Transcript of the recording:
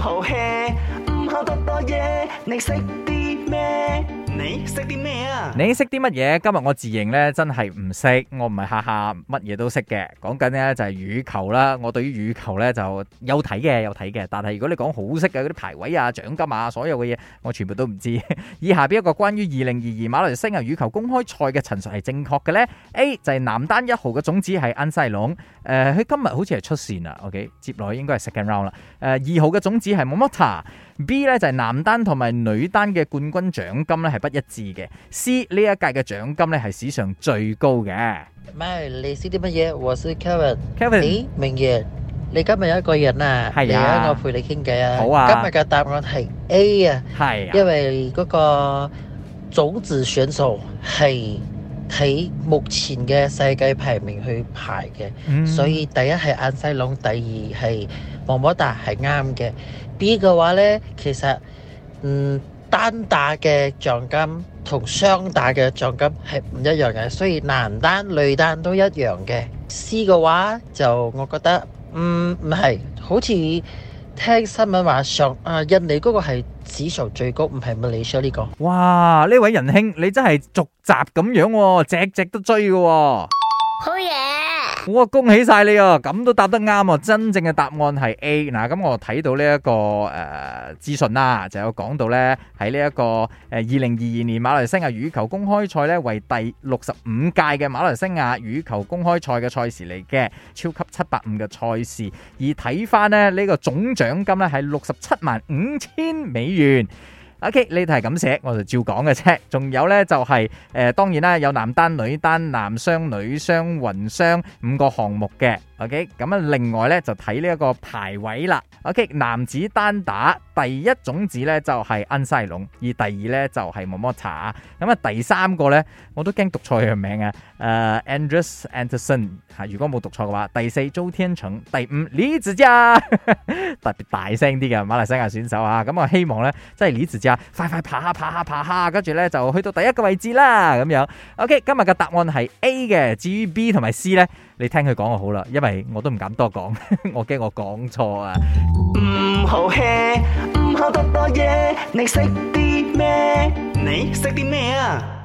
好氣，唔好多多嘢，你識啲咩？識啲咩啊？你識啲乜嘢？今日我自認咧，真係唔識，我唔係下下乜嘢都識嘅。講緊呢就係羽球啦，我對於羽球咧就有睇嘅，有睇嘅。但係如果你講好識嘅嗰啲排位啊、獎金啊、所有嘅嘢，我全部都唔知道。 以下邊一個關於二零二二馬來西亞羽球公開賽嘅陳述係正確嘅呢？A 就係男單一號嘅種子係安西隆，誒、呃，佢今日好似係出線啦。OK，接落去應該係 second round 啦。誒、呃，二號嘅種子係 Momota。B 呢就係男單同埋女單嘅冠軍獎金呢係不一致的。C 呢一屆嘅獎金咧係史上最高嘅。咪你知啲乜嘢？我係 Kevin？Kevin？誒，明月，你今日有一個人啊？係啊。嚟啊，我陪你傾偈啊。好啊。今日嘅答案係 A 啊。係。因為嗰個種子選手係喺目前嘅世界排名去排嘅，所以第一係安賽龍，第二係王寶達係啱嘅。B 嘅話咧，其實嗯單打嘅獎金同雙打嘅獎金係唔一樣嘅，所以男單、女單都一樣嘅。C 嘅話就我覺得，唔唔係，好似聽新聞話上啊，印尼嗰個係指數最高，唔係馬來西亞呢個？哇！呢位仁兄你真係逐集咁樣，只只都追嘅。好嘢！我恭喜晒你啊，咁都答得啱喎。真正嘅答案係 A 嗱、這個，咁我睇到呢一個誒資訊啦，就有講到呢，喺呢一個誒二零二二年馬來西亞羽球公開賽呢，為第六十五屆嘅馬來西亞羽球公開賽嘅賽事嚟嘅超級七百五嘅賽事，而睇翻呢、呢個總獎金呢係六十七萬五千美元。O.K. 呢題係咁寫，我就照講嘅啫。仲有呢就係誒，當然啦，有男單、女單、男雙、女雙、混雙五個項目嘅。OK，咁啊，另外咧就睇呢一個排位啦。OK，男子單打第一種子咧就係安賽龍，而第二咧就係莫莫茶。咁啊，Tou，第三個咧我都驚讀錯佢嘅名啊。誒，Andrews Anderson 吓、啊，如果冇讀錯嘅話，第四周天成，第五李子嘉，特 別大，大聲啲嘅馬來西亞選手啊。咁啊，希望咧即係李子嘉快快爬下爬下爬下，跟住咧就去到第一個位置啦。咁樣，OK，今日嘅答案係 A 嘅。至於 B 同埋 C 咧，你聽佢講就好啦，因為。我都唔敢多講， 我驚我講錯啊！唔好吃，唔好多多嘢，你識啲咩？你識啲咩啊？